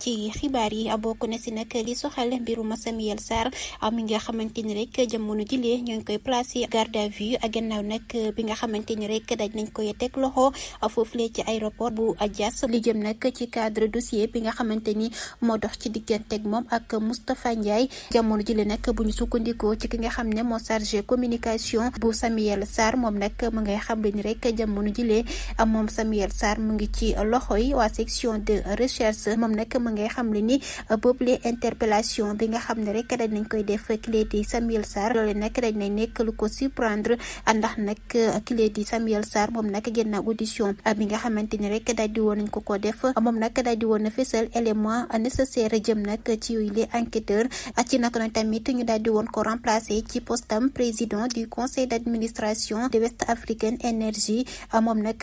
ci xibaar yi bokk na si nag li soxal mbirum Samuel Sarr mi nga xamante ni rek jamono jile ñoo ngi koy placé garde à vue gannaaw nag bi nga xamante ni rek daj nañ koy teg loxo foofulee ci aéroport bu Diass li jëm nag ci cadre dossier bi nga xamante ni moo dox ci digganteeg moom ak Moustapha Ndiaye jamono jile nag bu sukkandikoo ci ki nga xam ne moo chargé communication bu Samuel Sarr moom nag mu ngay xam ni rek jamono jile moom Samuel Sarr mu ngi ci loxo yi waa section de recherche moom nag. ma ngay xam le ni euh, boobu les interpellation bi nga xam ne rek dañ nañ koy def kile di Samuel Sarr loole nag dañ nañ nekk lu ko surprendre ndax nag euh, kile di Samuel Sarr moom nag génnaaw audition euh, bi nga xamante ni rek daal di woon nañ ko ko def moom nag daal di woon na fësal élément nécessaire jëm nag ci yooyu les enquêteurs ci nag na tamit ñu daal di woon ko remplacer ci postam président du conseil d'administration de West African Energy moom nag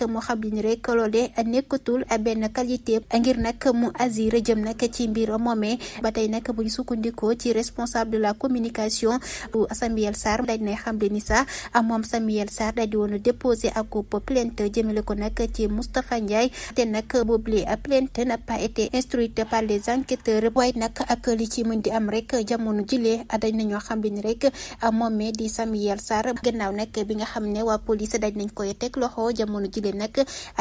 jëm nag ci mbir moomee ba tey nag buñ sukkandikoo ci responsable de la communication bu Samuel Sarr dañ ne xamle ni sax moom Samuel Sarr daal di woon déposé ak plainte jëmale ko nag ci Moustapha Ndiaye te nag boobule plainte n'a pas été instruite par les enquêteurs waaye nag ak li ci mën di am rek jamono jilee dañ nañoo xamle ni rek moomee di Samuel Sarr gannaaw nag bi nga xam ne waa police dañ nañ koy teg loxo jamono jilee nag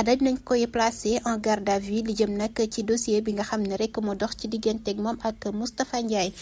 dañ nañ koy placé en garde à jëm nag ci dossier bi nga xam ne rek rek moo dox ci digganteeg moom ak Moustapha Ndiaye